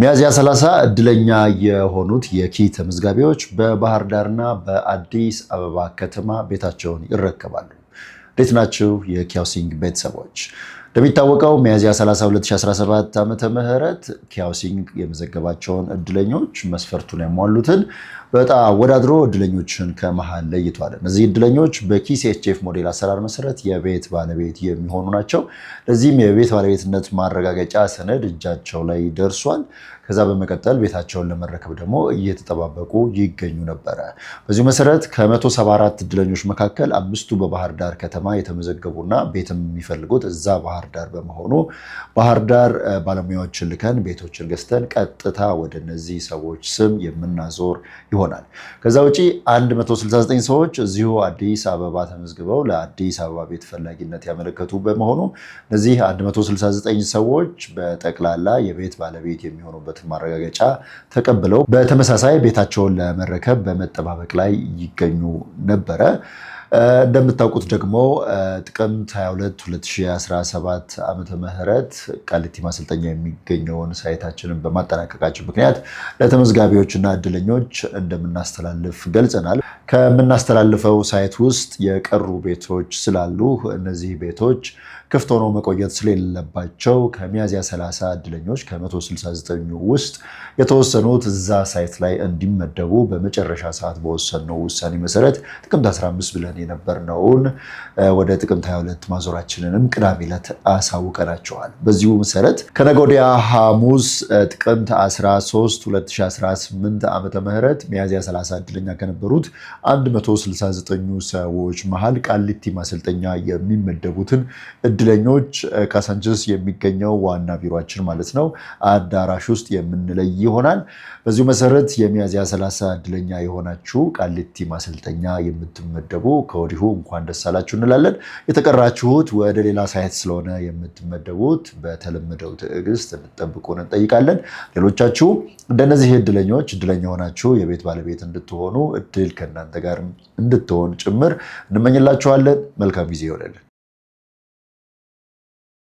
ሚያዝያ 30 እድለኛ የሆኑት የኪ ተመዝጋቢዎች በባህር ዳርና በአዲስ አበባ ከተማ ቤታቸውን ይረከባሉ። እንዴት ናችሁ የኪ ሃውሲንግ ቤተሰቦች? እንደሚታወቀው ሚያዝያ 30 2017 ዓመተ ምህረት ኪ ሃውሲንግ የመዘገባቸውን እድለኞች መስፈርቱን ያሟሉትን በጣም ወዳድሮ እድለኞችን ከመሀል ለይቷል። እነዚህ እድለኞች በኪሲኤችኤፍ ሞዴል አሰራር መሰረት የቤት ባለቤት የሚሆኑ ናቸው። ለዚህም የቤት ባለቤትነት ማረጋገጫ ሰነድ እጃቸው ላይ ደርሷል። ከዛ በመቀጠል ቤታቸውን ለመረከብ ደግሞ እየተጠባበቁ ይገኙ ነበረ። በዚሁ መሰረት ከ174 እድለኞች መካከል አምስቱ በባህር ዳር ከተማ የተመዘገቡና ቤትም የሚፈልጉት እዛ ባህር ዳር በመሆኑ ባህር ዳር ባለሙያዎችን ልከን ቤቶችን ገዝተን ቀጥታ ወደ እነዚህ ሰዎች ስም የምናዞር ይሆናል። ከዛ ውጪ 169 ሰዎች እዚሁ አዲስ አበባ ተመዝግበው ለአዲስ አበባ ቤት ፈላጊነት ያመለከቱ በመሆኑ እነዚህ 169 ሰዎች በጠቅላላ የቤት ባለቤት የሚሆኑበትን ማረጋገጫ ተቀብለው በተመሳሳይ ቤታቸውን ለመረከብ በመጠባበቅ ላይ ይገኙ ነበረ። እንደምታውቁት ደግሞ ጥቅምት 22 2017 ዓመተ ምህረት ቃሊቲ ማሰልጠኛ የሚገኘውን ሳይታችንን በማጠናቀቃችን ምክንያት ለተመዝጋቢዎችና እድለኞች እንደምናስተላልፍ ገልጸናል። ከምናስተላልፈው ሳይት ውስጥ የቀሩ ቤቶች ስላሉ እነዚህ ቤቶች ክፍት ሆኖ መቆየት ስለሌለባቸው ከሚያዝያ 30 እድለኞች ከ169 ውስጥ የተወሰኑት እዛ ሳይት ላይ እንዲመደቡ በመጨረሻ ሰዓት በወሰነው ውሳኔ መሰረት ጥቅምት 15 ብለን የነበርነውን ወደ ጥቅምት 22 ማዞራችንንም ቅዳሜ ዕለት አሳውቀናቸዋል። በዚሁ መሰረት ከነጎዲያ ሐሙስ ጥቅምት 13 2018 ዓመተ ምህረት ሚያዝያ 30 እድለኛ ከነበሩት 169 ሰዎች መሃል ቃሊቲ ማሰልጠኛ የሚመደቡትን እድለኞች ካሳንችስ የሚገኘው ዋና ቢሮችን ማለት ነው አዳራሽ ውስጥ የምንለይ ይሆናል። በዚሁ መሰረት የሚያዝያ 30 እድለኛ የሆናችሁ ቃሊቲ ማሰልጠኛ የምትመደቡ ከወዲሁ እንኳን ደስ አላችሁ እንላለን። የተቀራችሁት ወደ ሌላ ሳይት ስለሆነ የምትመደቡት በተለመደው ትዕግስት እንጠብቁን እንጠይቃለን። ሌሎቻችሁ እንደነዚህ እድለኞች እድለኛ የሆናችሁ የቤት ባለቤት እንድትሆኑ እድል ከእናንተ ጋር እንድትሆን ጭምር እንመኝላችኋለን። መልካም ጊዜ ይሆነልን።